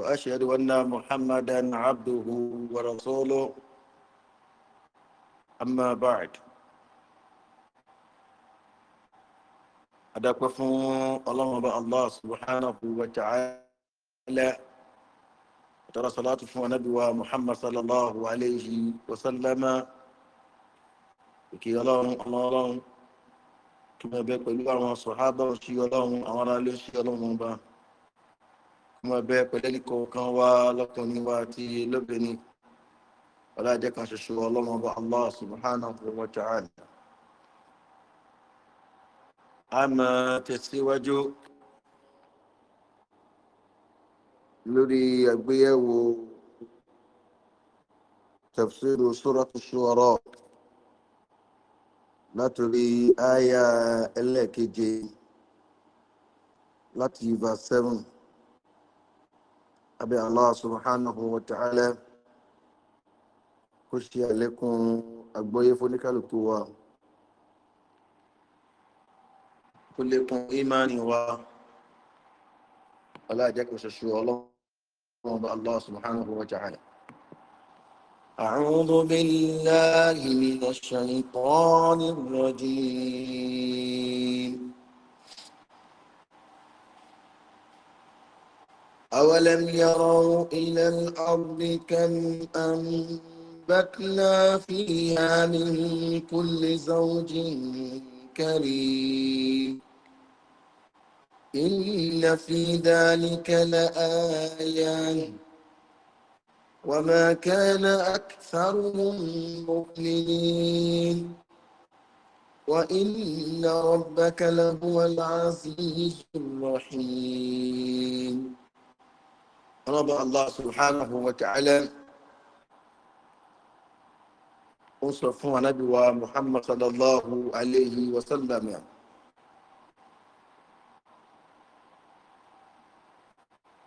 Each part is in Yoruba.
وأشهد أن محمدا عبده ورسوله أما بعد أداك فون اللهم بأ الله سبحانه وتعالى ترى صلاة فون نبي محمد صلى الله عليه وسلم kí الله ọmọ ọlọ́run kí wọ́n bẹ pẹ̀lú àwọn sọ̀hábà òṣì ọlọ́run àwọn aráàlú ọmọ ẹbẹ pẹlẹlí kọọkan wá lọkùnrin wa àti lóbìnrin ọlájẹ kan ṣoṣo ọlọmọba allah subhanahu wa ta'ala a máa tẹsíwájú lórí àgbéyẹwò tafsiru suratu shuara látòrí àyà ẹlẹ́ẹ̀keje láti verse seven abẹ́ Allah subhanahu wa ta'ala kó ṣe àlékún àgbọ́yé fóníkàlùkù wa kó lékún ìmánì wa aláàjẹ́kọ̀ ṣoṣo ọlọ́run bá Allah subhanahu أعوذ بالله من الشيطان الرجيم أولم يروا إلى الأرض كم أنبتنا فيها من كل زوج كريم إن في ذلك لآيات وما كان أكثرهم مؤمنين وإن ربك لهو العزيز الرحيم ọlọ́ba allah subhanahu wa ta'ala ó sọ fún anábìwa muhammad sallallahu alayhi wa sallam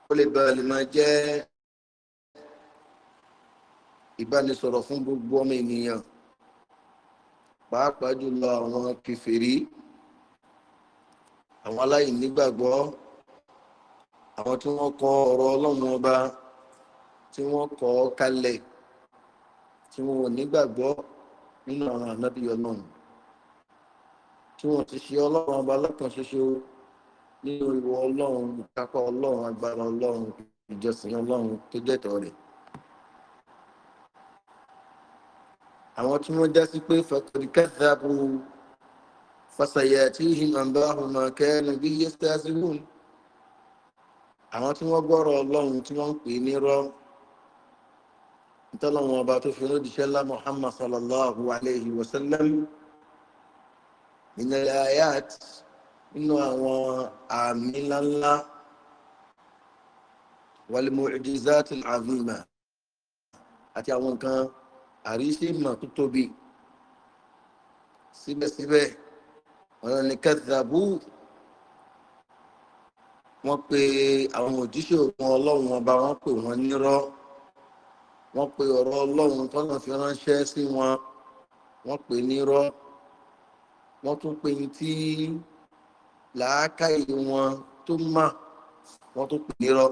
ó lè bá alimọ̀ jẹ́ ìbánisọ̀rọ̀ fún gbogbo ọmọ ènìyàn pàápàá jùlọ àwọn kìfèrí àwọn aláìnígbàgbọ́ àwọn tí wọ́n kọ ọ̀rọ̀ ọlọ́run ọba tí wọ́n kọ ọ́ kalẹ̀ tí wọn ò nígbàgbọ́ nínú àwọn ànábì ọlọ́run tí wọn ti ṣe ọlọ́run ọba lọ́kàn ṣoṣo nínú ìwọ ọlọ́run ìkápá ọlọ́run agbára ọlọ́run ìjọsìn ọlọ́run tó jẹ́tọ̀ rẹ̀. àwọn tí wọ́n já sí pé fàkàdì kẹ́sàbù fàṣàyà tí ìhìnàmbá ọmọ kẹ́rin bí yẹ́sẹ̀ sí lónìí àwọn tí wọ́n gbọ́rọ̀ ọlọ́run tí wọ́n ń pè ní rọ́ ìtọ́lọ́wọ́n ọba tó fi rọ́dìṣẹ́ ńlá muhammad sallallahu alayhi wa sallam nínú ayat nínú àwọn àmì ńláńlá wàlímọ̀ ìdíjáàtì àvìmà àti àwọn nǹkan àríṣe ìmọ̀ tó tóbi síbẹ̀síbẹ̀ wọn ni kẹ́tàbù wọ́n pe àwọn òjíṣẹ́ òun ọlọ́run ọba wọ́n pè wọ́n nírọ́ wọ́n pe ọ̀rọ̀ ọlọ́run tọ́nà fi ránṣẹ́ sí wọn wọ́n pè nírọ́ wọ́n tún pe ní tí làákàyè wọn tó mà wọ́n tún pè nírọ́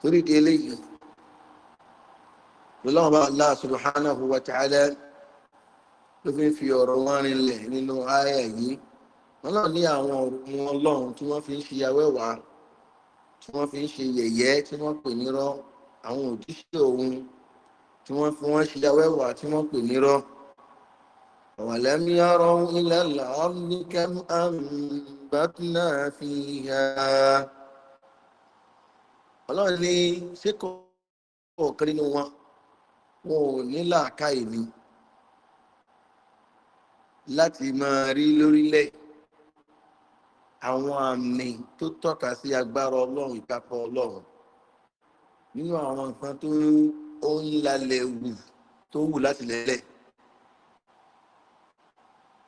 torí di eléyìí lọ́wọ́ bá aláà subhanahu wa ta'ala ló fi ń fi ọ̀rọ̀ wọn rinlẹ̀ nínú ayé yìí wọn náà ní àwọn òkun ọlọ́run tí wọ́n fi ń ṣe awẹ́wà tí wọ́n fi ń ṣe yẹ̀yẹ́ tí wọ́n pè nírọ́ àwọn òjíṣẹ́ òun tí wọ́n fi wọ́n ṣe awẹ́wà tí wọ́n pè nírọ́ ọ̀wọ̀lẹ́mí ọ̀rọ̀ ilẹ̀ làọ́nìkẹ́m àmbàtúnà fi hà ọlọ́run ní síkò ọ̀kan wọn wọn ò ní làákàyè mi láti máa rí lórílẹ̀ yìí àwọn àmì tó tọ́ka sí agbára ọlọ́run ìkápọ̀ ọlọ́run nínú àwọn nǹkan tó ó ń lalẹ̀ wù tó wù láti lẹ́lẹ̀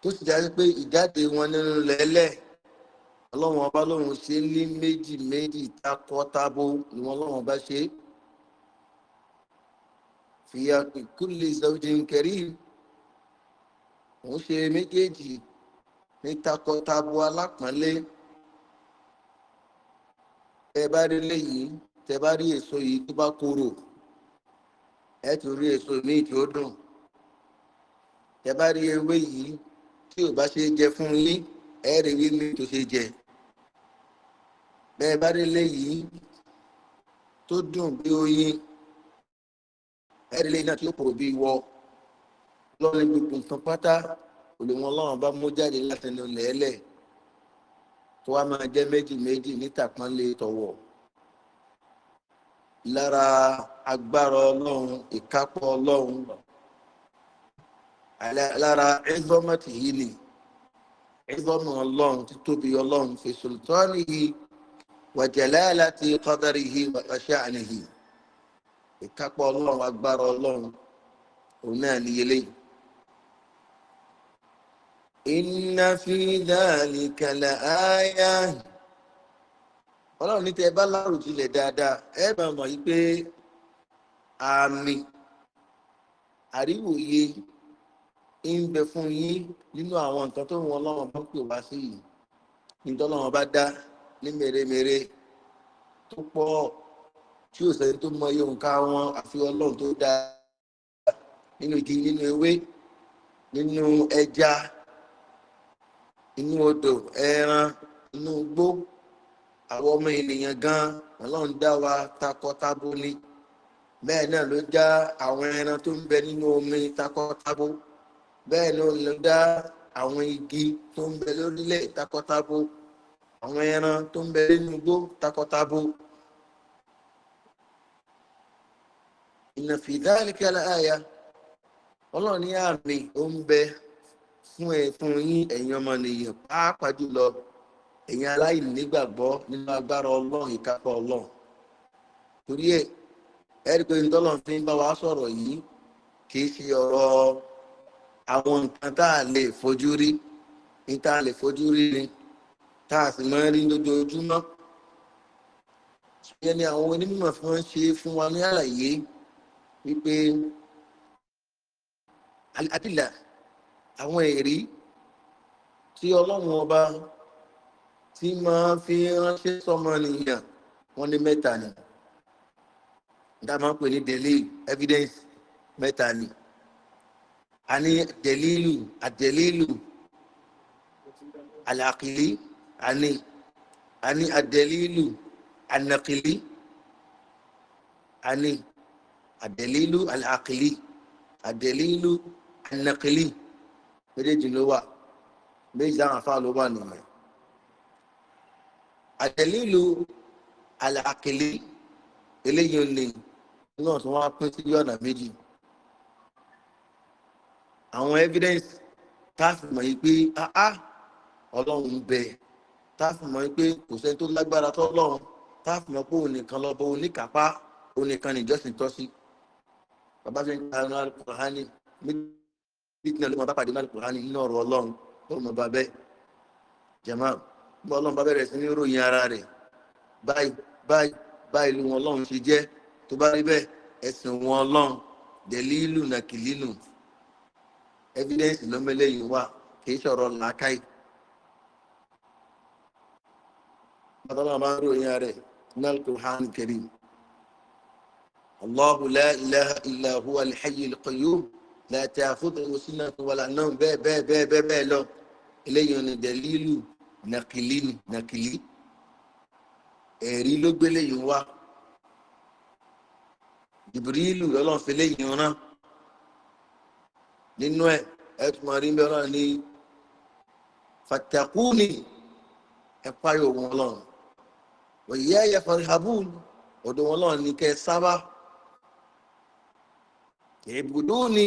tó sì dájú pé ìjáde wọn nínú lẹ́lẹ̀ ọlọ́run ọba lóhun ṣe ní méjì méjì takọ tabo ni wọn lọ́wọ́n bá ṣe fìyà kúlẹ̀ ìsọ̀jìn kẹrí òun ṣe méjèèjì ní takọtabo alápọ̀nlé tẹ bá rí léyìí tẹ bá rí èso yìí tó bá kúrò ẹ tún rí èso míì tí ó dùn tẹ bá rí ewé yìí tí ò bá ṣe jẹ fún yín ẹ rí ewé míì tó ṣe jẹ bẹ́ẹ̀ bá rí léyìí tó dùn bí oyin ẹ rí léyìí náà tí ó pọ̀ bí wọ lọ́lẹ́ gbogbo nǹkan pátá olùmọ̀ ọlọ́run bá mú jáde látẹnu lẹ́ẹ̀lẹ̀ tó wá máa jẹ́ méjì méjì níta kan lè tọ̀wọ̀ lára agbára ọlọ́run ìkápọ̀ ọlọ́run lára ẹgbọ́mọ̀tì yìí ni ẹgbọ́mọ̀ ọlọ́run ti tóbi ọlọ́run fi sultani yìí wàjẹ̀lẹ́ láti kọ́dárì yìí wàṣẹ́ àníyìí ìkápọ̀ ọlọ́run agbára ọlọ́run òun náà níyelé yìí inna fi dhalika la aya ọlọ́run ní tẹ bá láàrùn tilẹ̀ dáadáa ẹ máa mọ̀ yí pé àmì àríwòye ń bẹ fún yín nínú àwọn nǹkan tó wọn ọlọ́run bá pè wá sí yìí nítorí ọlọ́run bá dá ní mèremère tó pọ̀ tí ò sẹ́ni tó mọ yóò ká wọn àfi ọlọ́run tó dáa nínú igi nínú ewé nínú ẹja. E inú odò ẹran inú igbó àwọn ọmọ ènìyàn gan ọlọ́run dá wa takọtabo ni bẹ́ẹ̀ náà ló dá àwọn ẹran tó ń bẹ nínú omi takọtabo bẹ́ẹ̀ náà ló dá àwọn igi tó ń bẹ lórílẹ̀ takọtabo àwọn ẹran tó ń bẹ nínú igbó takọtabo. ìnàfìdálìkẹ́lá àyà ọlọ́run ní àmì ó ń bẹ fún ẹ fún yín ẹ̀yin ọmọnìyàn pàápàá jùlọ ẹ̀yin aláìnígbàgbọ́ nínú agbára ọlọ́run ìkápá ọlọ́run torí ẹ ẹ̀rí pé ntọ́lọ́n fi ń bá wa sọ̀rọ̀ yìí kì í ṣe ọ̀rọ̀ àwọn nǹkan tá a lè fojú rí ní tá a lè fojú rí ni tá a sì máa ń rí lójoojúmọ́ ìyẹn ni àwọn onímọ̀ fi wọ́n ṣe fún wa ní àlàyé wípé adìlà àwọn èrí tí ọlọ́run ọba tí máa fi ránṣẹ́ sọmọ nìyàn wọ́n ní mẹ́ta ni dá máa ń pè ní delay evidence mẹ́ta ni a ní delilu adelilu alakili a ní a ní adelilu anakili a ní adelilu alakili adelilu anakili méjèèjì ló wà méjì dáhùn afá ló wà nìyẹn àtẹ̀lílu àlàkèlé eléyìí ò lè náà tí wọ́n á pín sí ọ̀nà méjì àwọn evidence táàfù mọ̀ yìí pé áá ọlọ́run ń bẹ táàfù mọ̀ yìí pé kò sẹ́ni tó lágbára tó lọ́run táàfù mọ̀ pé òun nìkan lọ́bọ oníkápá òun nìkan nìjọ́sìn tọ́sí bàbá fi ń ka ẹran alukọ̀hánì méjì fitna ló máa bá pàdé náà kùránì nínú ọ̀rọ̀ ọlọ́run ó mọ̀ bá bẹ́ẹ̀ jẹ̀mọ́ bọ́ ọlọ́run bá bẹ̀rẹ̀ sí ní ròyìn ara rẹ̀ báyìí báyìí báyìí ló wọn ọlọ́run ṣe jẹ́ tó bá rí bẹ́ẹ̀ ẹ̀sìn wọn ọlọ́run dẹ̀lílù nàkìlínù evidence lọ́mọlẹ́ yìí wà kìí sọ̀rọ̀ làákàyè. bàtàlá máa ń ròyìn ara rẹ̀ náà kùránì kẹrin. الله لا إله إلا هو الحي القيوم láti àkótòwò sínú àtúwàlà náà bẹ́ẹ̀ bẹ́ẹ̀ bẹ́ẹ̀ bẹ́ẹ̀ bẹ́ẹ̀ lọ eléyìí ọ̀nà ìdẹ̀lílù nàkìlí ni nàkìlí ẹ̀rí ló gbé léyìí wá jìbìrìlù lọ́lọ́run fi léyìí rán nínú ẹ̀ ẹ̀ tún máa rí bí ọlọ́run ní fàtàkùnì ẹ̀ parí òun ọlọ́run òyìí ẹ̀yẹ farihabun ọ̀dọ̀ wọn ọlọ́run ní kẹ́ sábà èbùdó ni.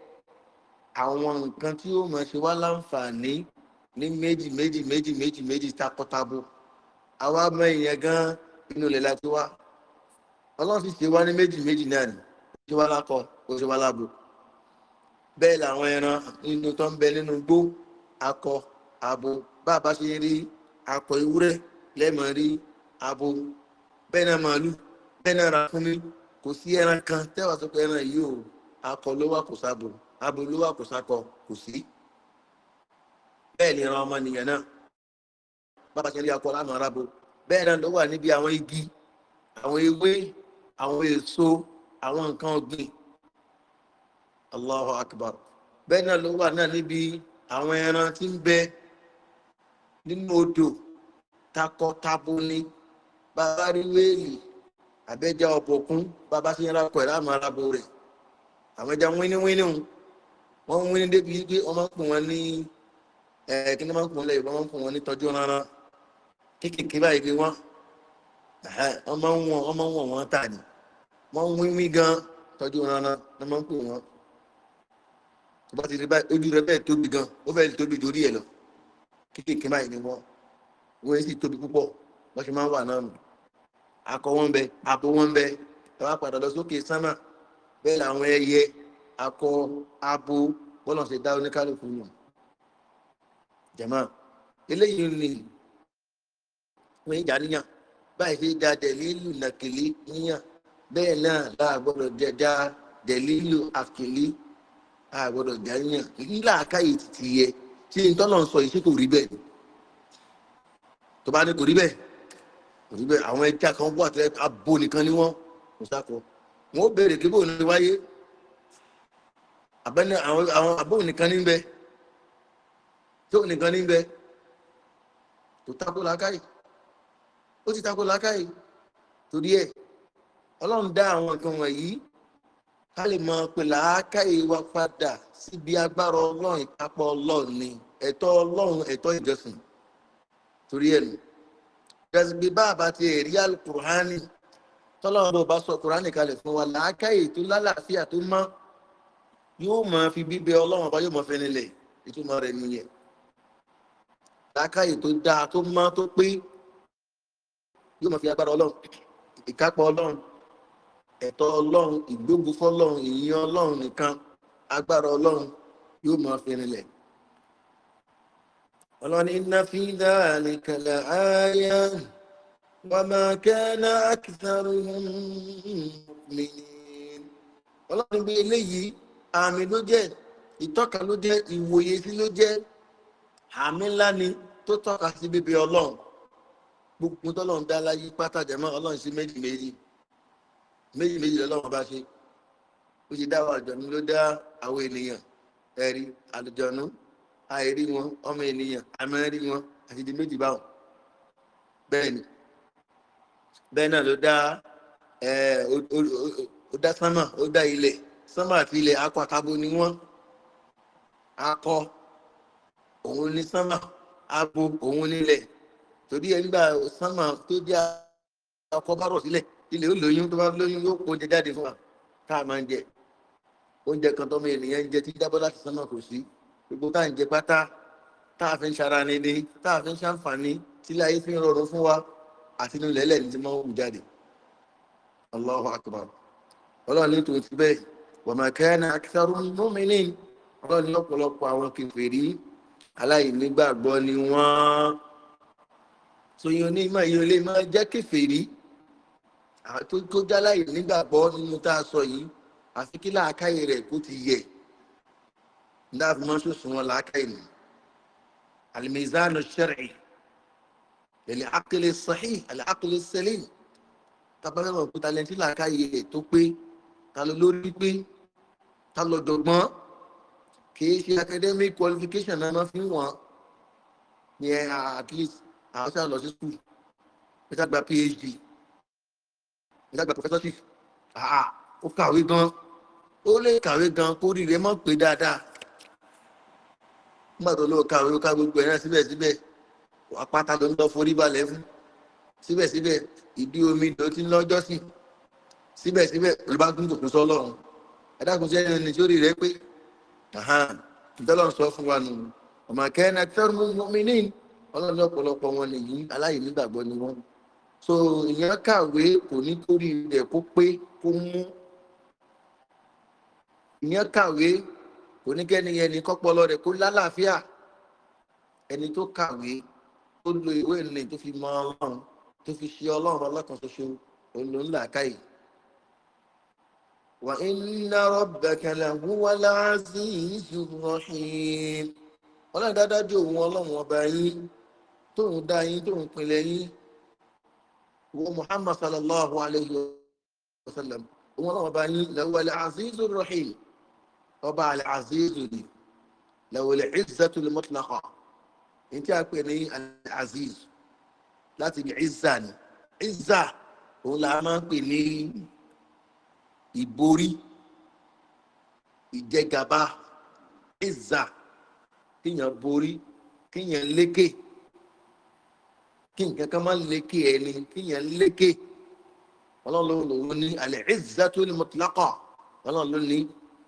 àwọn nǹkan tí ó mọ̀ ṣe wá láǹfààní ní méjì méjì méjì méjì méjì takọtabo àwa mọ ìyẹn gan inú ilẹ̀ láti wá ọlọ́run sì ṣe wá ní méjì méjì náà ni ó ṣe wá lákọ ó ṣe wá lábo bẹ́ẹ̀ làwọn ẹran nínú tó ń bẹ nínú gbó akọ abo bá a bá ṣe rí akọ ewúrẹ́ lẹ́mọ̀ rí abo bẹ́ẹ̀ náà màálù bẹ́ẹ̀ náà ra fún mi kò sí ẹran kan tẹ́wàá sọ pé ẹran yìí ò akọ ló wà kò sábò. abolúwà kò sákọ kò sí bẹ́ẹ̀ ni ìran ọmọnìyàn náà bàbá ṣe akọ lánàá arábo bẹ́ẹ̀ náà ló wà níbi àwọn igi àwọn ewé àwọn èso àwọn nǹkan ọ̀gbìn allahu akbar bẹ́ẹ̀ náà ló wà náà níbi àwọn ẹran tí ń bẹ nínú odò ni bàbá rí wéèlì àbẹ́jà bàbá ẹ̀ wọ́n ń wíní débi pé wọ́n máa ń pè wọ́n ní kí ni máa ń pè wọ́n lẹ́yìn wọ́n máa ń pè wọ́n ní tọ́jú rárá kéékèèké báyìí pé wọ́n wọ́n máa ń wọ̀n wọ́n máa ń wọ̀n wọ́n tà ní wọ́n ń wíwí gan tọ́jú rárá wọ́n máa ń pè wọ́n tó bá ti rí báyìí ojú rẹ bẹ́ẹ̀ tóbi gan ó fẹ́ẹ́ tóbi dórí ẹ̀ lọ kéékèèké báyìí ni wọ́n wọ́n sì tóbi púpọ̀ wọ́n ṣe máa ń wà náà nù akọ wọn bẹ abo wọn bẹ ẹ wá padà lọ sókè sánà bẹ́ẹ̀ làwọn ẹyẹ akọ abo bọ́lọ̀ ṣe dá oníkálukú nù jẹ̀mọ́ eléyìí ni wọ́n ń jà níyàn báyìí ṣe dá dẹ̀lílù nàkìlí níyàn bẹ́ẹ̀ náà láàgbọ́dọ̀ dẹ́dá dẹ̀lílù àkìlí àgbọ́dọ̀ dá níyàn nílà àkáyè ti yẹ tí n tọ́lọ̀ ń sọ yìí ṣé kò rí bẹ́ẹ̀ ni tó bá ní kò rí bẹ́ẹ̀ kò rí bẹ́ẹ̀ àwọn ẹja kan wà tẹ́ abo nìkan ni wọ́n kò sáko wọ́n béèrè kí bóun ní wáyé àbẹ́ni àwọn àwọn àbóhùn nìkan ní bẹ tí ó nìkan ní bẹ tó tako làákàyè ó ti tako làákàyè torí ẹ ọlọ́run dá àwọn nǹkan wọ̀nyí ká lè mọ pé làákàyè wa padà síbi agbára ọlọ́run ìkápọ̀ ọlọ́run ni ẹ̀tọ́ ọlọ́run ẹ̀tọ́ ìjọsìn torí ẹ̀ nù gbẹ̀sìgbè bá àbá ti rí alukùránì tọ́lọ́run bó bá sọ kùránì kalẹ̀ fún wa làákàyè tó lálàáfíà tó mọ́ yóò máa fi bíbẹ ọlọ́run ọba yóò máa fẹ́ nílẹ̀ ìtumọ̀ rẹ̀ nìyẹn làákàyè tó dáa tó má tó pé yóò máa fi agbára ọlọ́run ìkápá ọlọ́run ẹ̀tọ́ ọlọ́run ìgbógun fọlọ́run ìyìn ọlọ́run nìkan agbára ọlọ́run yóò máa fi nílẹ̀ ọlọ́ni iná fi dáàlì kàlà áyá wọ́n máa kẹ́ná mi ọlọ́run bí eléyìí àmì ló jẹ́ ìtọ́ka ló jẹ́ ìwòye sí ló jẹ́ àmì ńlá ni tó tọ́ka sí bíbí ọlọ́run gbogbo tọ́lọ́run dá láyé pátájà mọ́ ọlọ́run sí méjì méjì méjì méjì lọ́lọ́run bá ṣe ó ṣe dá àwọn àjọ̀nú ló dá àwọn ènìyàn ẹ̀rí àlùjọ̀nú àìrí wọn ọmọ ènìyàn àmẹ́rí wọn àti di méjì báwọn bẹ́ẹ̀ ni bẹ́ẹ̀ náà ló dá ó dá sánmà ó dá ilẹ̀ sánmà àti ilẹ̀ akọ àtàbò ni wọ́n akọ òun ní sánmà abo òun nílẹ̀ torí ẹ nígbà sánmà tó jẹ́ akọ bá rọ̀ sílẹ̀ ilẹ̀ ó lóyún tó bá lóyún yóò kó oúnjẹ jáde fún wa tá a máa ń jẹ oúnjẹ kan tọ́mọ ènìyàn ń jẹ tí jábọ́ láti sánmà kò sí gbogbo tá à ń jẹ pátá tá a fi ń ṣara ni ni tá a fi ń ṣàǹfààní tílé ayé fi ń rọrùn fún wa àti inú ilẹ̀ tí wọ́n wù jáde. Allahu akbar. Ọlọ́run ní tòun ti bẹ́ẹ̀ wàmàkẹ́ni akitaru mọ́mìnì ọlọ́ni ọ̀pọ̀lọpọ̀ àwọn kẹfẹ́rí aláìnígbàgbọ́ ni wọ́n sọyìn onímọ̀ yìí ó lè máa jẹ́ kẹfẹ́rí tó já láìnígbàgbọ́ nínú tá a sọ yìí àfi kí làákàyè rẹ̀ kó ti yẹ láàfin mọ́ sọ̀sùn wọn làákàyè nù alimizanu sẹ́rẹ̀ ẹ̀lẹ́ akele sahih ẹ̀lẹ́ akele sẹ́lẹ̀ tábàbà òkúta lẹ́ntì làákàyè tó pé ta ló lórí pé ta kìí ṣe academic qualification náà máa fi ń wọ̀n ní ẹ̀ at least àwọn sáà lọ sí school nígbà gba phd nígbà gba professorship àà ó kàwé gan ó lè kàwé gan kó rí rẹ mọ̀ pé dáadáa nígbà tó lóò kàwé ó ká gbogbo ẹ̀ náà síbẹ̀síbẹ̀ àpáta ló ń lọ forí balẹ̀ fún síbẹ̀síbẹ̀ ìdí omi ìdọ̀tí ńlọ́jọ́sìn síbẹ̀síbẹ̀ ló bá tún tòkun sọ́ lọ́run ẹ̀dákun sí ẹni tí ó rí rẹ pé ìtọ́lọ́run sọ fún wa nù ọmọ kẹ́hìnà tẹ́rù mi ní ọlọ́run ní ọ̀pọ̀lọpọ̀ wọn nìyí aláìnígbàgbọ́ ni wọ́n so ìyẹn kàwé kò ní torí rẹ̀ kó pé kó mú ìyẹn kàwé kò ní kẹ́ni ẹni kọ́pọ̀lọ́ rẹ̀ kó lálàáfíà ẹni tó kàwé tó lo ìwé ìrìnlẹ̀ tó fi mọ ọlọ́run tó fi ṣe ọlọ́run ọlọ́kan ṣoṣo òun ló ń وإن ربك لهو العزيز الرحيم wọ́n náà dáadáa ju òun ọlọ́run ọba yín tóun dá yín tóun pinlẹ̀ yín wo muhammad sallallahu alayhi wa sallam òun ọlọ́run ọba yín lẹ́wọ́ alàzízù rahim ọba alàzízù ni lẹ́wọ́ alàzízù ni mọ́tìlákà èyí tí a pè ní alàzízù láti ní ìzà ni ìzà òun là máa ń pè ní. ìborí ìjẹgàba ìzà kínyàn borí kínyàn lékè kí nǹkan máa ń ẹni kínyàn lékè ọlọ́run lòun ní alẹ́ ìzà tó ní mọ̀tìlákọ̀ ọlọ́run ló ní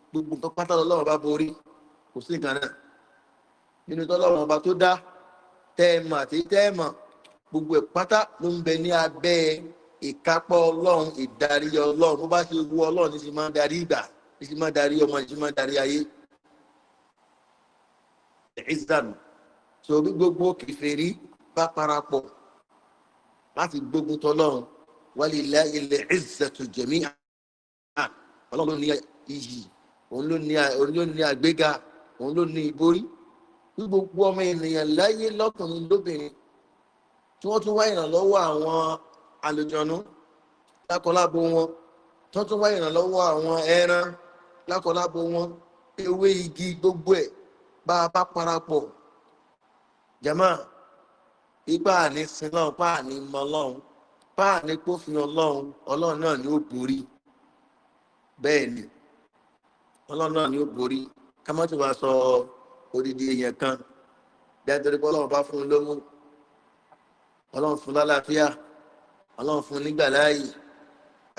gbogbo nǹkan pátá lọ́wọ́ bá borí kò sí nǹkan náà nínú tọ́lọ́run ọba tó dá àti gbogbo ẹ̀ pátá ló ń ìkápọ̀ ọlọ́run ìdarí ọlọ́run bó bá ṣe wu ọlọ́run ní ti máa ń darí ìgbà ní ti máa ń darí ọmọ ní ti máa darí ayé ìsàmù so bí gbogbo kìfèrí bá parapọ̀ láti gbógun tọlọ́run wálé ilẹ̀ ilẹ̀ ìsẹ̀tù jẹ̀mí ọlọ́run ló ní iyì òun ló ní àgbéga òun ló ní ìborí bí gbogbo ọmọ ènìyàn láyé lọ́kùnrin lóbìnrin tí wọ́n tún wá ìrànlọ́wọ́ àwọn àlùjọ̀nú lákọlábo wọn tó tún wá ìrànlọ́wọ́ àwọn ẹran lákọlábo wọn ewé igi gbogbo ẹ̀ bá a bá parapọ̀ jama ipa àní sinlọ́n pa àní mọ́lọ́n pa àní pófin ọlọ́run ọlọ́run náà ni ó borí bẹ́ẹ̀ ni ọlọ́run náà ni ó borí ká bá sọ odidi èèyàn kan dájọ́ pé ọlọ́run bá fún un lómú ọlọ́run fún lálàáfíà. La ọlọ́run fún nígbà láàyè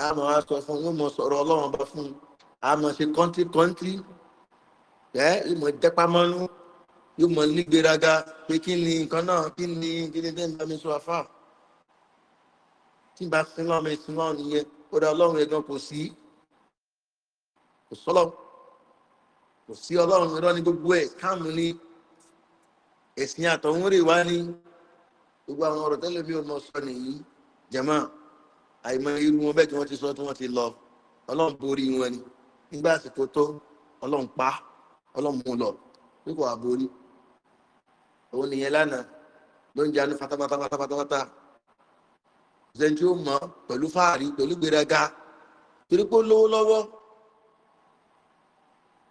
àmọ́ wa sọ fún yóò mọ sọ̀rọ̀ ọlọ́run bá fún àmọ́ ṣe kọ́ńtì kọ́ńtì ẹ yóò mọ jẹ́pámọ́nú yóò mọ nígbéraga pé kí ni nǹkan náà kí ni kí ni tẹ́lẹ̀ bá mi sọ àfà tí n bá sin lọ́mọ ìsin lọ́run nìyẹn ó dá ọlọ́run ẹ̀gán kò sí kò sọ́lọ́ kò sí ọlọ́run irọ́ ní gbogbo ẹ̀ káàmù ni ẹ̀sìn àtọ̀húnrè wá ní gbogbo àwọn ọ̀rọ̀ tẹ́lẹ̀ mi ò mọ sọ nìyí. Jama, àìmọ irú wọn bẹ́ẹ̀ tí wọ́n ti sọ tí wọ́n ti lọ ọlọ́run borí wọn ni nígbà àsìkò tó ọlọ́run pa ọlọ́run mú lọ bí kò wá borí òun nìyẹn lánàá ló ń jánu fatapatapatapata zẹni tí ó mọ pẹ̀lú fáàrí pẹ̀lú gbéraga torí pé ó lówó lọ́wọ́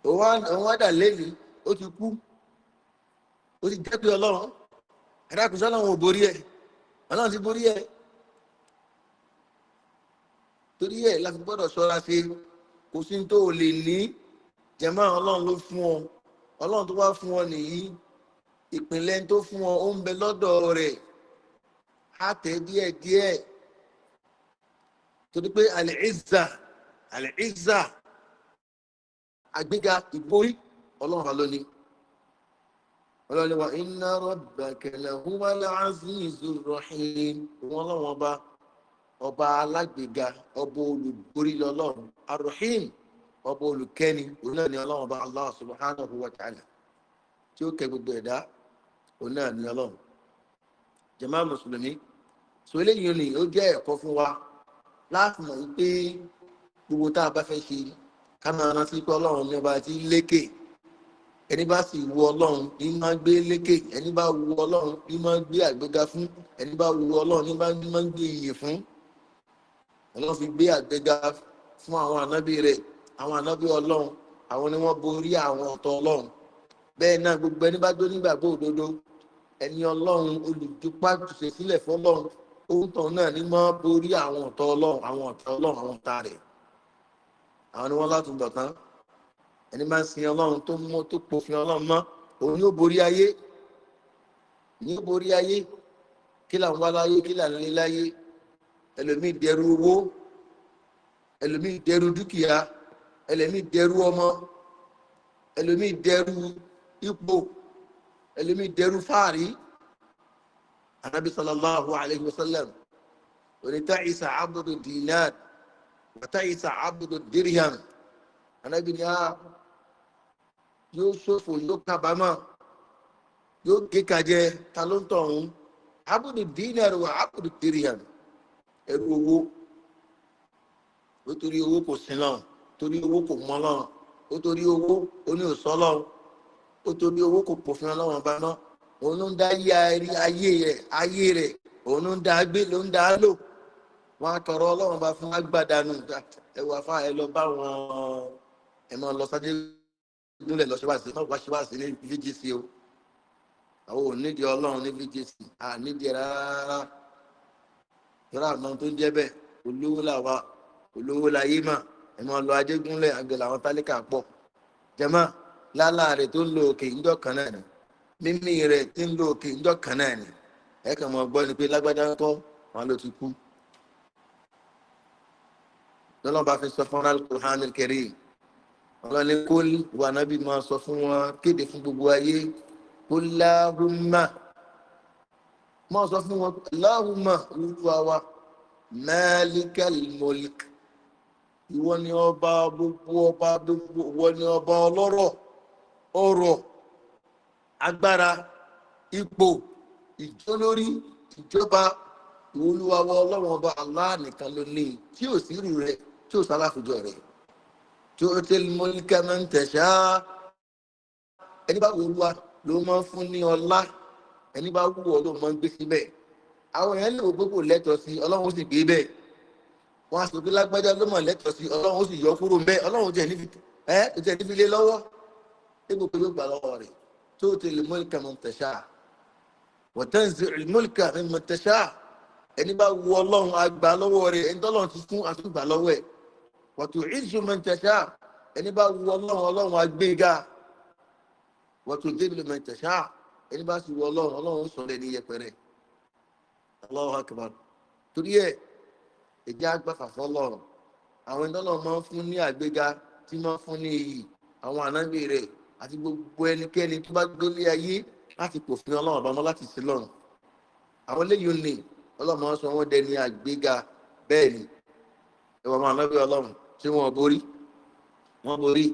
òun wá dà lẹ́yìn ó ti kú ó ti jẹ́ pé ọlọ́run ẹ̀dá kùsọ́ ọlọ́run ò borí ẹ̀ ọlọ́run ti borí ẹ̀ torí ẹ̀ láti gbọ́dọ̀ ṣọ́ra sí kò sí tó o lè ní jẹ̀mọ́ ọlọ́run ló fún ọ ọlọ́run tó wá fún ọ nìyí ìpínlẹ̀ tó fún ọ ó ń bẹ lọ́dọ̀ rẹ̀ á tẹ̀ díẹ̀díẹ̀ torí pé àlẹ́ ìzà àgbéga ìborí ọlọ́run ló ọlọ́run wa iná rọ̀bà kẹlẹ̀ húmọ́lá azizu rọ̀hìn wọn lọ́wọ́n bá ọba alágbèga ọba olùborí lọlọ́run arohim ọba olùkẹ́ni òun náà ni ọlọ́run ọba allah subhanahu wa ta'ala tí ó kẹ gbogbo ẹ̀dá òun náà ọlọ́run jama mùsùlùmí sọ eléyìí ni ó jẹ́ ẹ̀kọ́ fún wa láti mọ̀ wípé gbogbo tá a bá fẹ́ ṣe ká máa rántí pé ọlọ́run ní ọba ti lékè ẹni bá sì wu ọlọ́run ní máa ń gbé lékè ẹni bá wu ọlọ́run ní máa gbé àgbéga fún ẹni bá wu ọlọ́run ní máa gbé iyì fún. ọlọ́run fi gbé àgbéga fún àwọn ànábì rẹ̀ àwọn ànábì ọlọ́run àwọn ni wọ́n borí àwọn ọ̀tọ̀ ọlọ́run bẹ́ẹ̀ náà gbogbo ẹni bá dó nígbàgbọ́ òdodo ẹni ọlọ́run olùdúpá tùsẹ̀ sílẹ̀ fọlọ́run ohun tàn náà ni wọ́n borí àwọn ọ̀tọ̀ ọlọ́run àwọn ọ̀tọ̀ ọlọ́run àwọn ọ̀tá rẹ̀ àwọn ni wọ́n látún bọ̀ tán ẹni máa ń sin ọlọ́run tó mọ́ tó pòfin ọlọ́run mọ́ òun yóò borí ayé yóò borí ayé kí làwọn wá láyé kí làwọn lé láyé ẹlòmíì dẹrù owó ẹlòmíì dẹrù dúkìá ẹlòmíì dẹrù ọmọ ẹlòmíì dẹrù ipò ẹlòmíì dẹrù fáàrí anabi sallallahu alayhi wa sallam onita isa abudu dinar wata isa abudu dirham anabi ni a ah, yóò ṣòfò yóò kábàámọ̀ yóò gé kajẹ ta abudu dinar wa abudu dirham ẹrú owó ó torí owó kò sin náà torí owó kò mọ náà ó torí owó ó ní òsọ náà ó torí owó kò pòfin ọlọ́wọ́n bá náà òun ló ń dá ayé rẹ̀ ayé rẹ̀ òun ló ń dá gbé ló ń dá lò wọn akọrọ ọlọ́wọ́n bá fún agbádànù ẹwà fún ẹ lọ bá wọn ẹ lọ sáájú ìdúnlẹ̀ lọ ṣíwáṣí má wá ṣíwáṣí ní vgc o àwọn ò nídìí ọlọ́run ní vgc à nídìí rárá tọ́lá àmọ́ tó ń jẹ́ bẹ́ẹ̀ olówó làwa olówó la yé mà ẹ̀ máa lọ ajégúnlẹ̀ àgbẹ̀ làwọn tálíkà pọ̀ jẹ́mọ́ lálá rẹ̀ tó ń lo òkè ńjọ́ kan náà ni mímí rẹ̀ tí ń lo òkè ńjọ́ kan náà ni ẹ kàn mọ́ gbọ́ ni pé lágbájá kọ́ wọn ló ti kú. lọ́lọ́ba fi sọ fún alukur'an kẹrì ọlọ́ni kólí wà nábì máa sọ fún wọn kéde fún gbogbo ayé kólá rúmà mọ́ sọ fún wọn láhùnmá olúwa wa mẹ́líkẹ́l mọ́lík ìwọ ni ọba gbogbo ọba gbogbo ìwọ ni ọba ọlọ́rọ̀ ọrọ̀ agbára ipò ìjọlórí ìjọba olúwawọ ọlọ́run ọba aláàníkan ló ní tí ò sí rí rẹ tí ò sáláfíjọ rẹ tí ó tẹ́lẹ̀ mọ́líkà máa ẹni bá wo olúwa ló máa ń fún ní ọlá ẹni bá wú ọlọ́run máa ń gbé síbẹ̀ àwọn èèyàn lè wò pé kò lẹ́tọ̀ọ́ sí ọlọ́run ó sì gbé bẹ́ẹ̀ wọn a sọ pé lágbájá ló mọ̀ lẹ́tọ̀ọ́ sí ọlọ́run ó sì yọ kúrò bẹ́ẹ̀ ọlọ́run jẹ̀ níbi ẹ́ jẹ̀ níbi lé lọ́wọ́ ébò pé ló gbà lọ́wọ́ rẹ̀ tó o ti lè mọ́lìkà mọ̀ tẹ̀sà wọ́tẹ́n zi mọ́lìkà mọ̀ tẹ̀sà ẹni bá wu ọlọ́run àgbà lọ́wọ́ rẹ̀ ẹni tọ́lọ́run ẹni bá sì wọ ọlọ́run ọlọ́run sọ lẹ́ni yẹpẹrẹ ọlọ́run akẹ́bà torí ẹ̀ ẹ̀jẹ̀ agbáfà fọlọ́run àwọn ẹni ọlọ́run máa ń fún ní àgbéga tí máa ń fún ní iyì àwọn ànágbé rẹ̀ àti gbogbo ẹnikẹ́ni tó bá gbélé ayé láti pòfin ọlọ́run ọba mọ́ láti sí lọ́run àwọn eléyìí ò ní ọlọ́run máa ń sọ wọ́n dẹni àgbéga bẹ́ẹ̀ ni ẹ̀wọ̀n máa nábẹ́ ọlọ́run tí wọ́n borí wọ́n borí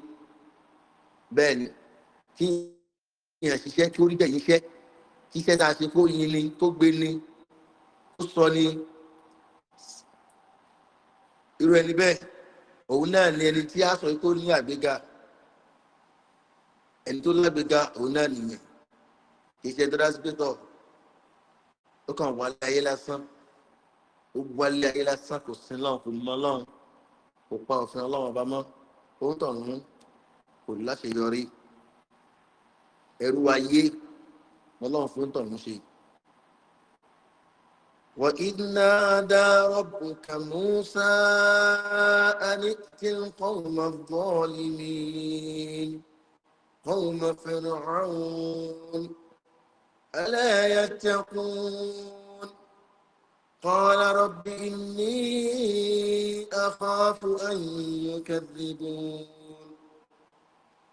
bẹ́ẹ̀ ni kí yẹn ṣiṣẹ́ tí ó rí bẹ́ẹ̀ yíṣẹ́ iṣẹ́ tá a ṣe kó yin ni tó gbé ni tó sọ ni irú ẹni bẹ́ẹ̀ òun náà ni ẹni tí a sọ pé ó ní àgbéga ẹni tó lágbéga òun náà nìyẹn kì í ṣe dọ́dá sípẹ́tọ̀ ó kàn wá láyé lásán ó wálé ayé lásán kò sí lọ́hùn kò mọ lọ́hùn kò pa òfin ọlọ́run ọba mọ́ òun tọ̀hún kò láṣeyọrí. ẹ̀rú ayé ọlọ́run fún tọ̀hún ṣe. وإذ نادى ربك موسى أن ائت القوم الظالمين قوم فرعون ألا يتقون قال رب إني أخاف أن يكذبون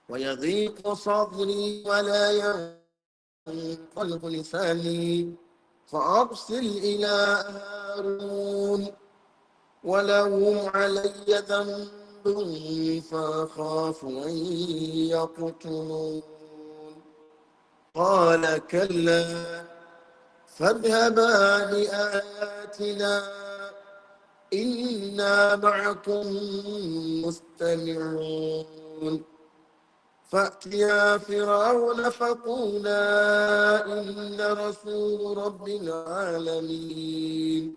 ويضيق صدري ولا قلب لساني فأرسل إلى هارون ولهم علي ذنب فأخاف أن يقتلون قال كلا فاذهبا بآياتنا إنا معكم مستمعون فأتيا فرعون فقولا إن رسول رب العالمين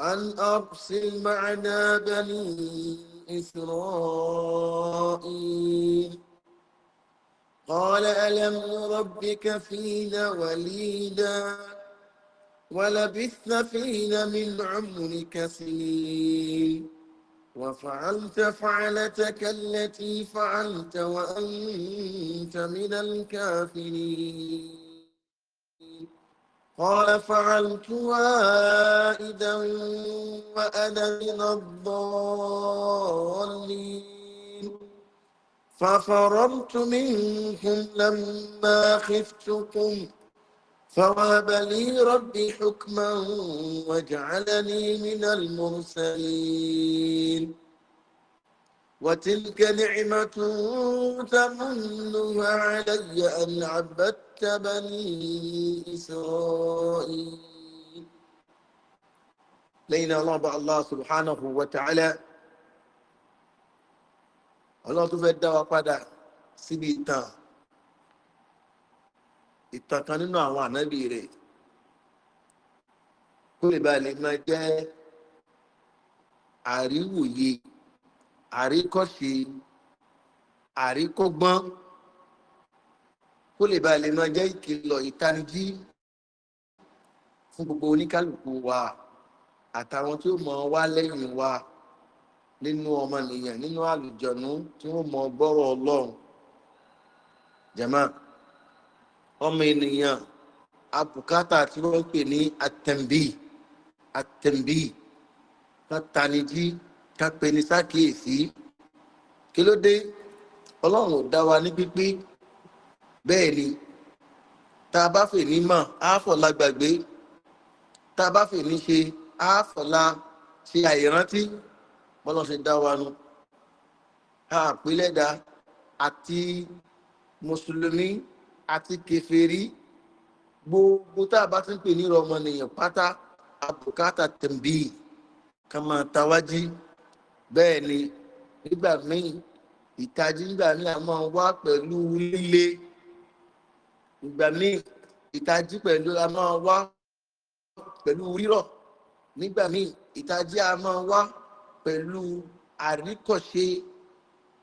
أن أرسل معنا بني إسرائيل قال ألم ربك فينا وليدا ولبثت فينا من عمرك سنين وفعلت فعلتك التي فعلت وأنت من الكافرين قال فعلتها إذا وأنا من الضالين ففررت منكم لما خفتكم فوهب لي ربي حكما وجعلني من المرسلين وتلك نعمة تمنها علي أن عبدت بني إسرائيل لينا الله الله سبحانه وتعالى الله تفدى وقدى سبيتان ìtàn kan nínú àwọn ànábì rẹ̀ kó lè bàa lè máa jẹ́ àríwòye àríkọ́ṣe àríkọ́gbọ́n kó lè bàa lè máa jẹ́ ìkìlọ̀ ìtanijí fún gbogbo oníkálukú wa àtàwọn tí ó mọ wá lẹ́yìn wa nínú ọmọnìyàn nínú àlùjọ̀nú tí wọ́n mọ gbọ́rọ̀ ọlọ́run jẹ̀máà ọmọ ènìyàn abùkátà tí wọ́n pè ní àtẹ̀m̀bì àtẹ̀m̀bì kátanijí kápẹni sákèèsí kí ló dé ọlọ́run ò dá wa ní pípé bẹ́ẹ̀ ni tá a bá fè ní mọ̀ áfọ̀lá gbàgbé tá a bá fè ní ṣe áfọ̀lá ṣe àìrántí bọ́lá dá wa nu àpilẹ̀dá àti mùsùlùmí àti kẹfẹ́rí gbogbo tá a bá ti ń pè ní ọmọnìyàn pátá àbùkátà tẹ̀m̀bì kan máa tawájí bẹ́ẹ̀ ni nígbà míì ìtají nígbà míì a máa wá pẹ̀lú líle ìgbà míì ìtají pẹ̀lú a máa wá pẹ̀lú rírọ̀ nígbà míì ìtají a máa wá pẹ̀lú àríkọ̀ṣe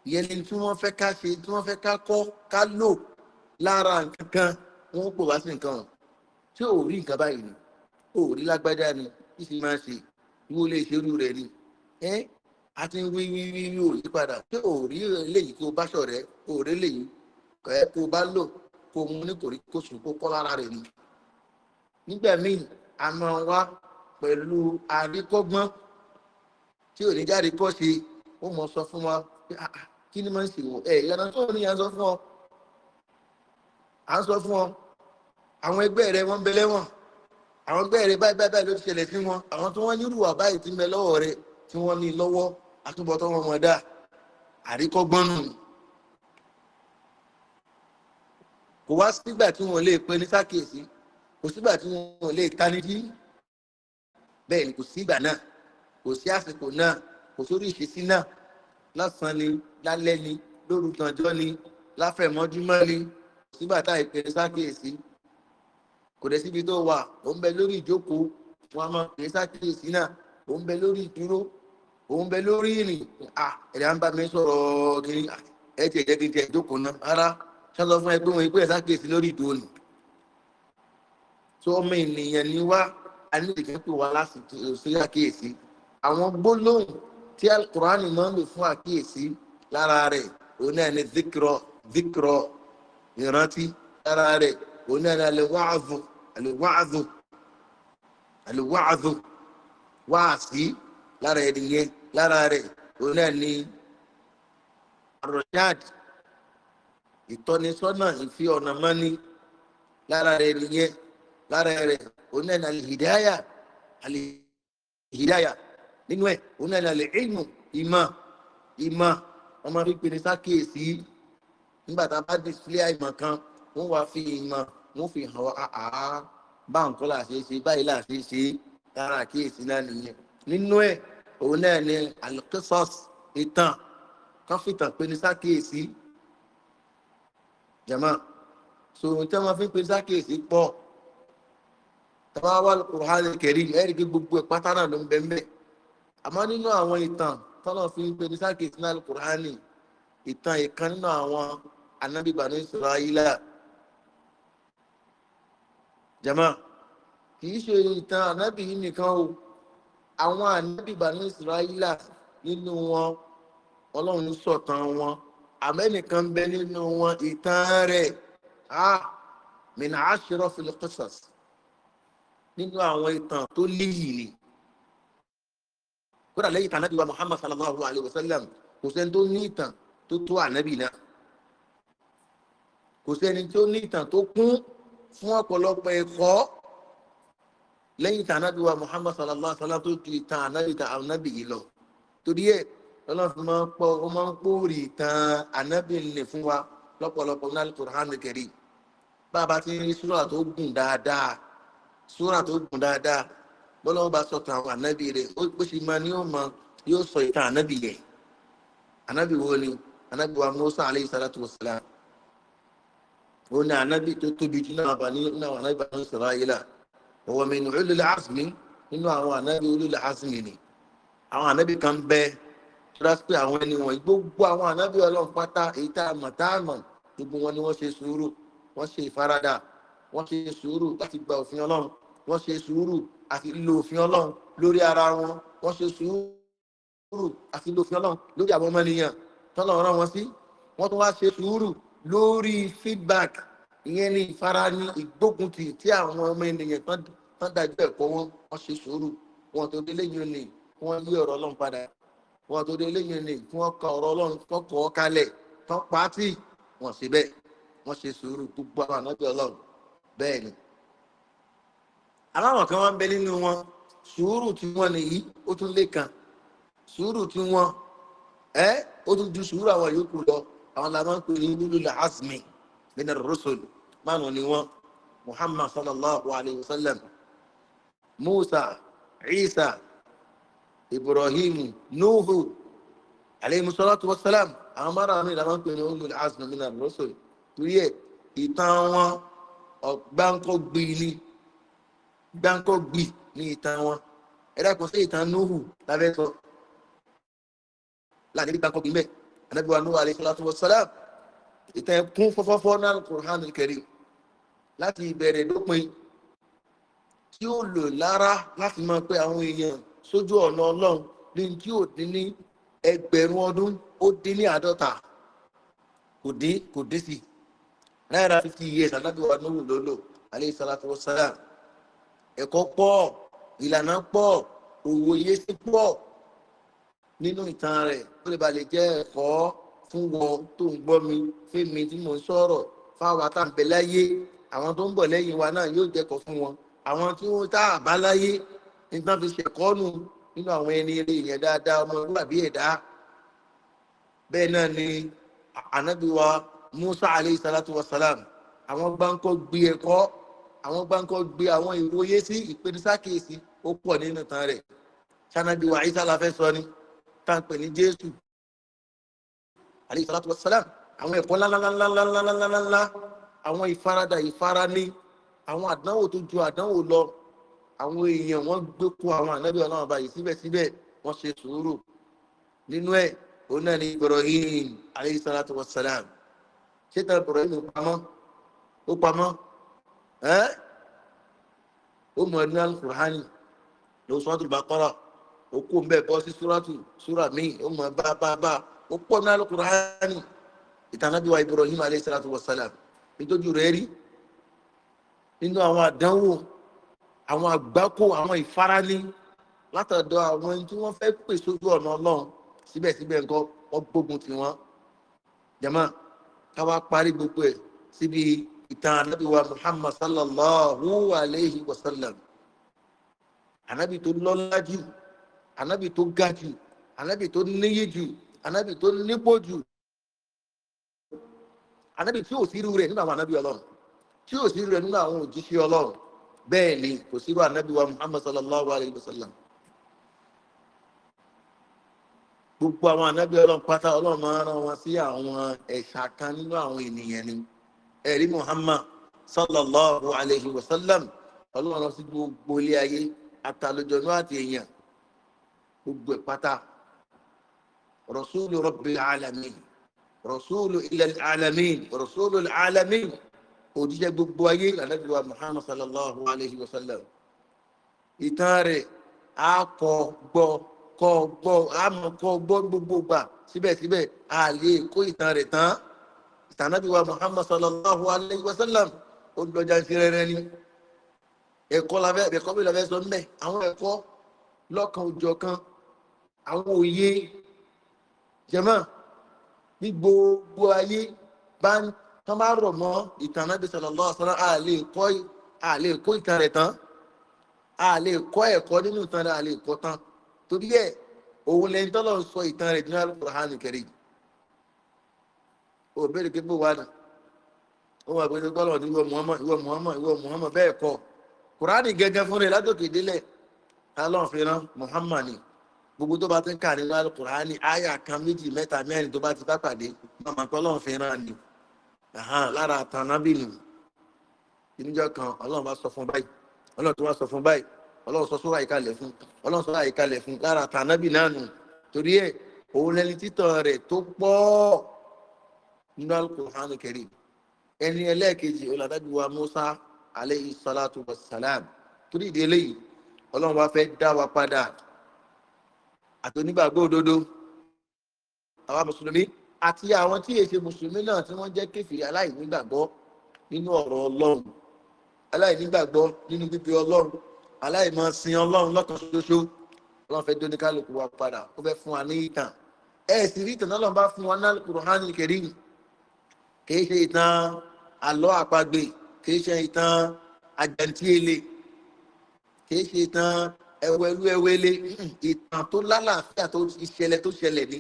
ìyẹn ni tí wọ́n fẹ́ ká ṣe tí wọ́n fẹ́ ká kọ́ ká lò lára nǹkan kan wọ́n pò wá sí nǹkan ọ̀ tí ò rí nǹkan báyìí ni ò rí lágbádá ni kí sì máa ṣe ìwọ lè ṣe irú rẹ̀ ni ẹ́ a ti ń wí wí wí wí ò yí padà tí ò rí eléyìí kó bá ṣọ̀rẹ́ ò rí eléyìí kó bá lò kó mu ní kòríkòsùn kó kọ́ lára rẹ̀ ni nígbà míì a máa wá pẹ̀lú àríkọ́gbọ́n tí ò ní jáde pọ́ ṣe ó mọ sọ fún wa ah, ah, kí ni máa ń ṣèwọ̀ ẹ̀ ìyànà tó ní yàn sọ fún ọ à ń sọ fún ọ àwọn ẹgbẹ́ rẹ wọ́n ń bẹ lẹ́wọ̀n àwọn ẹgbẹ́ rẹ báyìí báyìí ló ti ṣẹlẹ̀ sí wọn àwọn tí wọ́n nírú wà báyìí ti ń bẹ lọ́wọ́ rẹ tí wọ́n ní lọ́wọ́ àtúbọ̀tán wọn mọ̀ dáa àríkọ́gbọ́n nù kò wá sígbà tí wọn lè pe ní sákèsí kò sígbà tí wọn lè tanijí bẹ́ẹ̀ ni kò sígbà náà kò sí àsìkò náà kò sórí ìṣesí náà lásán ni lálẹ́ ni lórúkànjọ́ ni láfẹ̀mọ́júmọ́ ni sígbà tá ìpè sákèsí kò dẹ̀ síbi tó wà ó ń bẹ lórí ìjókòó wọn a máa pè sákèsí náà ó ń bẹ lórí ìdúró ó ń bẹ lórí ìrìn à ẹ̀rẹ̀ à ń bá mi sọ̀rọ̀ kiri ẹ̀ tiẹ̀ jẹ́ kí n tiẹ̀ jókòó náà rárá ṣáàtọ̀ fún ẹ pé wọn ìpè sákèsí lórí ìdúró nì tó ọmọ ènìyàn ni wá a ní ìkẹ́pẹ́ wa láti ṣe àkíyèsí àwọn gbólóhùn tí alukurani máa ń lò fún àkíyèsí lára rẹ̀ òun náà ni zikirọ̀ zikirọ̀ ìrántí lára rẹ̀ òun náà ni àlèwáàzù àlèwáàzù àlèwáàzù wáàsí lára ẹni yẹn lára rẹ̀ òun náà ni arọ̀jád ìtọ́nisọ́nà ìfi ọ̀nà mọ́ni lára rẹ̀ ẹni yẹn lára rẹ̀ òun náà ni àlèhìdáyà àlèhìdáyà nínú ẹ̀ òun náà ni àlèhìmù ìmọ̀ ìmọ̀ ọmọ pípé ní sákèésí nígbà tá a bá display àìmọ̀ kan wọ́n wá fi ìmọ̀ wọ́n fi hàn wá àá bá nǹkan là ṣe ṣe báyìí là ṣe ṣe tára àkíyèsí náà nìyẹn nínú ẹ̀ òun náà ni alqisas itan kan fìtàn pé ní sákèèsí jama so ohun tí wọ́n fi ń pè sákèèsí pọ̀ tàbá wà lùkùrán kẹrí ẹ̀rí pé gbogbo ẹ̀ pátá náà ló ń bẹ ń bẹ̀ àmọ́ nínú àwọn ìtàn tọ́lọ̀ fi ń pè ní sákèèsí náà lùkùrán ìtàn ìkan nínú àwọn anábì bànú ìsọ̀ráyílà jama kìí ṣe ìtàn anábì yìí nìkan o àwọn anábì bànú ìsọ̀ráyílà nínú wọn ọlọ́run sọ̀tàn wọn àmẹ́nìkan bẹ nínú wọn ìtàn rẹ̀ a mìnà àṣírọ́ filikisas nínú àwọn ìtàn tó léyìí ni kódà lẹ́yìn tàn nábì wa muhammad sallallahu alayhi wa sallam kò sẹ́ni tó ní ìtàn tó tó ànábì náà kò sẹ́ni tí ó ní ìtàn tó kún fún ọ̀pọ̀lọpọ̀ ẹ̀kọ́ lẹ́yìn tí anábì wa muhammad sallallahu alaihi wa sallam tó ju ìtàn anábì ta anábì yìí lọ torí ẹ̀ lọ́lọ́run máa ń pọ̀ ó máa ń pòórì ìtàn anábì lè fún wa lọ́pọ̀lọpọ̀ ní alukur'an kẹrì bàbá ti rí súrà tó gùn dáadáa súrà tó gùn dáadáa bọ́lá ọba sọ̀tàn àwọn anábì rẹ̀ ó sì máa ní ó yóò sọ ìtàn anábì yẹn anábì wo ni anábì wa musa alayhi salatu wa salam òun ni ànábì tó tóbi jù náà bá nínú àwọn ànábì àwọn ìsọ̀rọ̀ ayélá ọwọ́ mi nínú olùlẹ̀ àsìmí nínú àwọn ànábì olùlẹ̀ àsìmí ni àwọn ànábì kan bẹ tírásípẹ́ àwọn ẹni wọ̀nyí gbogbo àwọn ànábì ọlọ́run pátá èyí tá a mọ̀ tá a mọ̀ gbogbo wọn ni wọ́n ṣe sùúrù wọ́n ṣe ìfaradà wọ́n ṣe sùúrù láti gba òfin ọlọ́run wọ́n ṣe sùúrù àti lo òfin ọlọ́run lórí ara wọn wọ́n ṣe sùúrù àti lo òfin ọlọ́run lórí àwọn ọmọ ènìyàn tọ́lọ̀ ọ̀rọ̀ wọn sí wọ́n tún wá ṣe sùúrù lórí feedback ìyẹn ní ìfarani ìgbógunti tí àwọn ọmọ ènìyàn kan dájú ẹ̀kọ́ wọn wọ́n ṣe sùúrù wọn tó dé lẹ́yìn olè kí wọ́n yí ọ̀rọ̀ ọlọ́run padà wọn tó dé lẹ́yìn olè kí wọ́n ka ọ̀rọ̀ ọlọ́run kọ́ kọ́ kalẹ̀ tọ́ pàtì wọ́n ṣe bẹ́ẹ̀ wọ́n ṣe sùúrù gbogbo àwọn ànájọ ọlọ́run bẹ́ẹ̀ ni. aláwọ̀ kan wọ́n ń bẹ nínú wọn sùúrù tí wọ́n nìyí ó tún lé kan sùúrù tí wọ́n ẹ́ ó tún ju sùúrù àwọn yòókù lọ àwọn làwọn ń pè ní nílùú azmi nínú rúṣùl márùn ni wọn muhammad sallallahu alayhi wa sallam musa isa ibrahim nuhu alayhi musalatu wa salam àwọn márùn ni làwọn ń pè ní nílùú azmi nínú rúṣùl torí ẹ ìtàn wọn gbáǹkó gbi ni gbáǹkó gbi ní ìtàn wọn ẹ dákun sí ìtàn nuhu lábẹ́ sọ láàrin gbáǹkó gbi mẹ́ẹ̀ anabi wa nuhu alayhi salatu wa salam ìtàn kún fọfọfọ náà kùránù kẹrì láti ìbẹ̀rẹ̀ dópin tí ó lò lára láti máa pé àwọn èèyàn sójú ọ̀nà ọlọ́run ní tí ò dín ní ẹgbẹ̀rún ọdún ó dín ní àádọ́ta kò dín kò dín sí náírà fifty years anabi wa nuhu ló lò salatu wa salam ẹ̀kọ́ pọ̀ ìlànà pọ̀ òwòye sí pọ̀ nínú ìtàn rẹ̀ ó lè ba lè jẹ́ ẹ̀kọ́ fún wọn tó ń gbọ́ mi fún mi tí mò ń sọ̀rọ̀ fáwọn àtàǹbẹ̀ láyé àwọn tó ń bọ̀ lẹ́yìn wa náà yóò jẹ́kọ̀ fún wọn àwọn tí wọ́n tá a bá láyé nígbà fi ṣẹ̀kọ́nù nínú àwọn ẹni eré yẹn dáadáa ọmọ ìlúwàbí ẹ̀dá bẹ́ẹ̀ náà ni ànábìwa musa alayhi salatu wa salam àwọn gbáǹkọ́ gbé ẹ̀kọ́ àwọn gbáǹkọ́ gbé àwọn ìwòye sí ìpènisákèésí ó pọ̀ nínú tán rẹ̀ sanabiwa isa la fẹ́ sọ ni tá ń pè ní jésù alayhi salatu wa salam àwọn ẹ̀kọ́ ńláńláńláńláńláńlá àwọn ìfaradà ìfarani àwọn àdánwò tó ju àdánwò lọ àwọn èèyàn wọn gbé kó àwọn ànábì ọlọ́run báyìí síbẹ̀síbẹ̀ wọ́n ṣe sùúrù nínú ẹ̀ òun náà ni ibrahim alayhi salatu wa salam ṣé tán ibrahim pamọ́ ó pamọ́ ó mọ̀ ní alukur'ani lọ́sọ́dún bá kọ́rọ̀ òkú ń bẹ bọ́ sí súrátù súrà míì ó mọ bá bá bá ó pọ̀ ní alukura hánì ìtànàbíwá ibrahim aleyhi salatu wa salam ìtọ́jú rẹ̀ rí nínú àwọn àdánwò àwọn àgbákò àwọn ìfarani látọ̀dọ̀ àwọn ẹni tí wọ́n fẹ́ pè sójú ọ̀nà ọlọ́run síbẹ̀síbẹ̀ nǹkan wọ́n gbógun tì wọ́n jama káwá parí gbogbo ẹ̀ síbi ìtàn anábìwa muhammad sallallahu alayhi wa sallam anábì tó lọ́lá jù anabi tó ga jù anabi tó níyì jù anabi tó nípò jù anabi tí ò sí irú rẹ̀ nínú àwọn anabi ọlọ́run tí ò sí irú rẹ̀ nínú àwọn òjíṣẹ́ ọlọ́run bẹ́ẹ̀ ni kò sí irú anabi wa muhammad sallallahu alayhi wa sallam gbogbo àwọn anabi ọlọ́run pátá ọlọ́run máa ń rán wọn sí àwọn ẹ̀ṣà kan nínú àwọn ènìyàn ni ẹ̀rí muhammad sallallahu alayhi wa sallam ọlọ́run sí gbogbo ilé ayé àtàlójọ́nú àti èèyàn gbogbo ẹ̀ pátá rasulu rabbil alamin rasulu ilal alamin rasulu alamin òjíṣẹ́ gbogbo ayé lànàbíwá muhammad sallallahu alayhi wa sallam ìtàn rẹ̀ á kọ gbọ́ kọ gbọ́ á mọ kọ gbọ́ gbogbo gbà síbẹ̀síbẹ̀ a lè kó ìtàn rẹ̀ tán ìtànàbíwá muhammad sallallahu alayhi wa sallam ó lọ́jà sí rẹ̀rẹ̀ ni ẹ̀kọ́ mi làfẹ́ sọ mbẹ́ àwọn ẹ̀kọ́ lọ́kàn òjọ̀ kan àwọn òye jẹmọ́ ní gbogbo ayé bá ń tán bá rọ̀ mọ́ ìtànà a lè kọ́ a lè kó ìtàn rẹ̀ tán a lè kọ́ ẹ̀kọ́ nínú ìtàn rẹ̀ a lè kọ́ tán torí ẹ̀ òun lẹ́ni tọ́lọ̀ ń sọ ìtàn rẹ̀ nínú kẹrì pé bó wà nà ó wà pé gbọ́dọ̀ ní ìwọ muhammad ìwọ ìwọ bẹ́ẹ̀ kọ́ kùránì gẹ́gẹ́ gbogbo tó bá ti ń kà nínú alukurani àyà kan méjì mẹ́ta mẹ́rin tó bá ti bá pàdé màmá pé ọlọ́run fi ràn ní lára àtànábìnú ìníjọ kan ọlọ́run bá sọ fún báyìí ọlọ́run tó wá sọ fún báyìí ọlọ́run sọ sóra ìkalẹ̀ fún ọlọ́run sọ àìkalẹ̀ fún lára àtànábìnú àná torí ẹ̀ òun lẹni títọ̀ rẹ̀ tó pọ̀ nínú alukurani kẹrin ẹni ẹlẹ́ẹ̀kejì olùdájúwa musa aleyhi salatu wa salam torí ìdí eléyìí ọlọ́run wá fẹ́ dá wa padà àtònígbàgbọ́ òdodo àwa mùsùlùmí àti àwọn tí èsè mùsùlùmí náà tí wọ́n jẹ́ kéfìrí aláìnígbàgbọ́ nínú ọ̀rọ̀ ọlọ́run aláìnígbàgbọ́ nínú bíbí ọlọ́run aláìmọ̀ sin ọlọ́run lọ́kàn ṣoṣo ọlọ́run fẹ́ dóní kálukú wa padà ó fẹ́ fún wa ní ìtàn ẹ sì rí ìtàn náà bá fún wa náà kùrọ̀hánì kẹrí kìí ṣe ìtàn àlọ́ àpagbè kìí ṣe ìtàn àjàntí kìí ṣe ìtàn ẹwẹlú ẹwẹlé hmm, ìtàn tó lálàáfíà tó ìṣẹlẹ tó ṣẹlẹ ni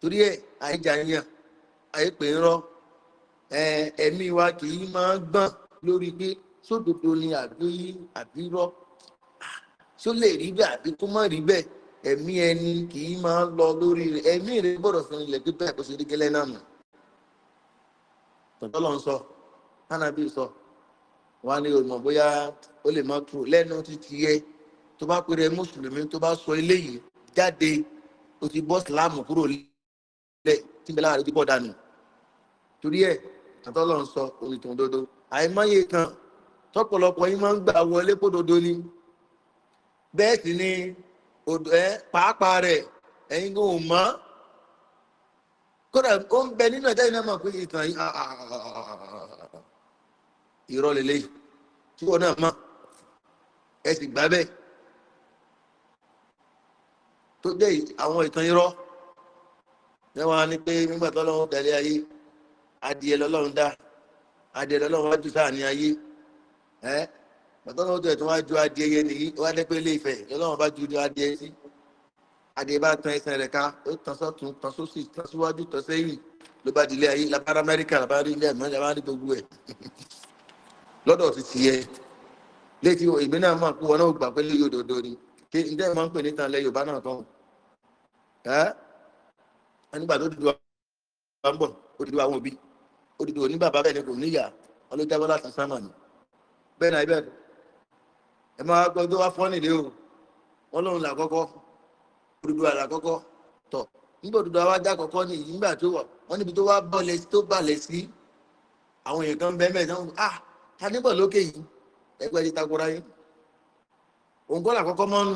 torí ẹ àìjàyàn àìpè ńrọ ẹmí wa kì í máa gbọn lórí pé sódodo ni àbí àbí rọ só lè rí bẹ àbí kó má rí bẹ ẹmí ẹni kì í máa lọ lórí rẹ ẹmí rẹ gbọdọ fún ilẹ pípẹ àkóso ìdíkẹlẹ náà nù tọ́lọ́ ń sọ hánàbí sọ wọn á ní olùmọ̀ bóyá ó lè má kúrò lẹ́nu títí yẹ tó bá pèrè mùsùlùmí tó bá sọ eléyìí jáde o ti bọ́ síláàmù kúrò lẹ́ tí bẹ́lá rẹ̀ ti bọ́ dànù torí ẹ̀ àtọ́lọ́ ń sọ òrìtàn dodo àìmọye kan tọ́pọ̀lọpọ̀ yín máa ń gbà wọlé kó dodo ni bẹ́ẹ̀ sì ni pàápàá rẹ̀ ẹ̀yin kò mọ́ kódà ó ń bẹ nínú ẹ̀dá iná mọ̀ pé ìtàn yìí ìrọ̀lẹ́lẹ́yìí tí wọ́n náà mọ̀ ẹ sì gbà bẹ́ẹ̀ tó jẹ́ àwọn ìtàn irọ́ lẹ́wọ̀n á ní pé nígbà tó lọ́wọ́ dàlẹ́ ayé adìẹ lọ́lọ́run dá adìẹ lọ́lọ́run wájú sáàní ayé ẹ́ bàtọ́ lọ́wọ́ tẹ̀ tó wá ju adìẹ yẹn nìyí wá dẹ́pẹ́ ilé ìfẹ́ lọ́lọ́run bá ju adìẹ sí adìẹ bá tan ẹsẹ̀ rẹ̀ ká ó tàn sọ́tún tàn sósì tàn síwájú tàn sẹ́yìn ló bá dilé ayé labara amẹ́ríkà labara ilé ẹ̀mọ́ labara ní gbogbo ẹ̀ lọ́dọ̀ ti tiẹ̀ létí ìgbéná kí n dẹ́ mọ́ ń pè nítan ilẹ̀ yorùbá náà kan ẹ́ nígbà tó dìdú àwọn bọ̀ ó dìdú àwọn òbí ó dìdú òní bàbá bẹ́ẹ̀ ni kò níyà ọlọ́jábọ́ láti sánmà ni bẹ́ẹ̀ náà ibẹ̀ ẹ máa gbọ́ tó wá fọ́ nílé o wọ́n lóun là kọ́kọ́ dúdú àlà kọ́kọ́ tọ̀ nígbà dúdú àwọn ajá kọ́kọ́ ni nígbà tó wà wọ́n níbi tó wá bọ́lẹ̀ tó balẹ̀ sí àwọn èèyàn kan bẹ́ẹ̀ mẹ́ẹ̀ ah ta nígbà lókè yìí ẹgbẹ́ ti takora yìí òun kọ́ làkọ́kọ́ mọ́nù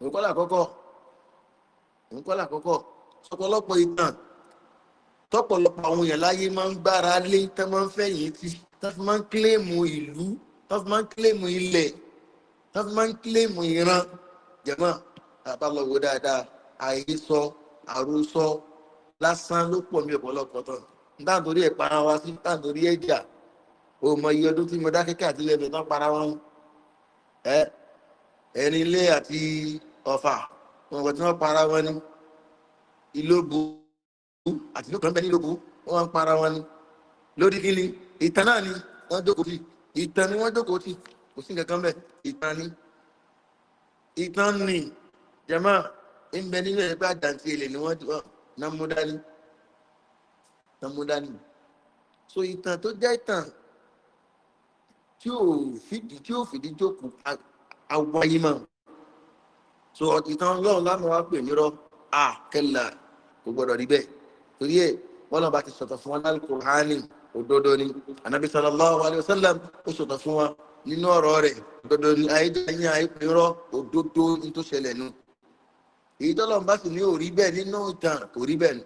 òun kọ́ làkọ́kọ́ òun kọ́ làkọ́kọ́ ọ̀pọ̀lọpọ̀ ìtàn tọ́pọ̀lọpọ̀ àwọn èèyàn láyé máa ń gbára lé tó máa ń fẹ̀yìn tì tó fi máa ń kílèmù ìlú tó fi máa ń kílèmù ilẹ̀ tó fi máa ń kílèmù ìran jẹ̀mọ́ àbálọ̀wọ̀ dáadáa àhesọ àròsọ lásán ló pọ̀ mí ọ̀pọ̀lọpọ̀ tán dáàbòrí ẹ̀ para wa sí dáàbòrí ẹ̀jà òmò iye ọdún tí mo dákẹ́kẹ́ àti ilẹ̀ ẹ̀bẹ̀ tán para wọn ẹ ẹni ilé àti ọ̀fà wọn wọ̀ tí wọ́n para wọn ni ìlóbu àti ìlú kan bẹ́ẹ̀ ní ìlóbu wọ́n para wọn ni lórí kí ni ìtàn náà ni wọ́n jókòó sí ìtàn ni wọ́n jókòó sí kò sí nǹkan kan bẹ́ẹ̀ ìtàn ni ìtàn ni jama ń bẹ nínú ẹgbẹ́ àjàǹtí èlé ni wọ́n náà mú dání náà so ìtàn tó jẹ́ ìtàn tí ò fìdí tí ò fìdí jókòó awáyé mọ́ so ìtàn ọlọ́run lánàá wá pè nírọ́ à kẹlà kò gbọ́dọ̀ rí bẹ́ẹ̀ torí ẹ̀ wọ́n náà bá ti sọ̀tọ̀ fún wa náà kò hánì òdodo ni anabi sallallahu alayhi wa sallam ó sọ̀tọ̀ fún wa nínú ọ̀rọ̀ rẹ̀ òdodo ni ayédáyé ayépẹ̀rọ̀ òdodo ní tó ṣẹlẹ̀ nu èyí tọ́lọ́ bá sì ní òrí bẹ́ẹ̀ nínú ìtàn kò rí bẹ́ẹ̀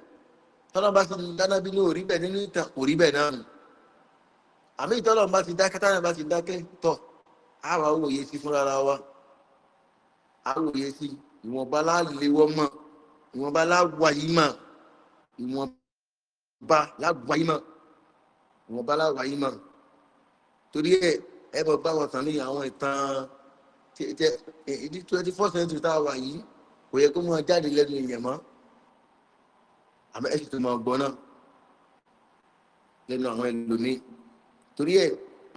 tọ́lọ́ bá sì ní dánábí ní òrí bẹ́ẹ̀ nínú ìtàn kò rí bẹ́ẹ̀ náà àmì ìtọ́lọ̀ bá ti dákẹ́ táwọn bá ti dákẹ́ tọ̀ àwọn awòye sí fúnra wa awòye sí ìwọ̀nba láàlewọ́ mọ̀ ìwọ̀nba láwàyí mọ̀ ìwọ̀nba láwàyí mọ̀ ìwọ̀nba láwàyí mọ̀ torí ẹ ẹ bọ̀ bá wọn tàn ní àwọn ìtàn ìdí twenty four century tá a wà yìí kò yẹ kó máa jáde lẹ́nu ìyẹn mọ́ àmọ́ ẹ sì tún máa gbọ́ náà lẹ́nu àwọn ẹlòmíì. torí ẹ̀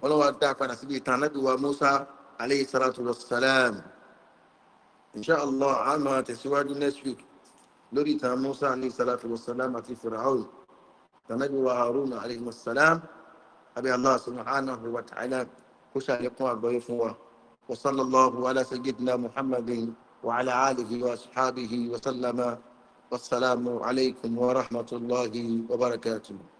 ọlọ́wà dá padà síbi ìtàn anábì wa musa aleyhi salatu wa salam inshàlá àmà tẹ̀síwájú next week lórí ìtàn musa aleyhi salatu wa salam àti firaun tànàbí wa harun aleyhi salam abi allah subhanahu wa ta'ala kó ṣàlékún àgbáyé fún wa wa sallallahu ala sayyidina muhammadin wa ala alihi wa ashabihi wa sallama والسلام عليكم ورحمه الله وبركاته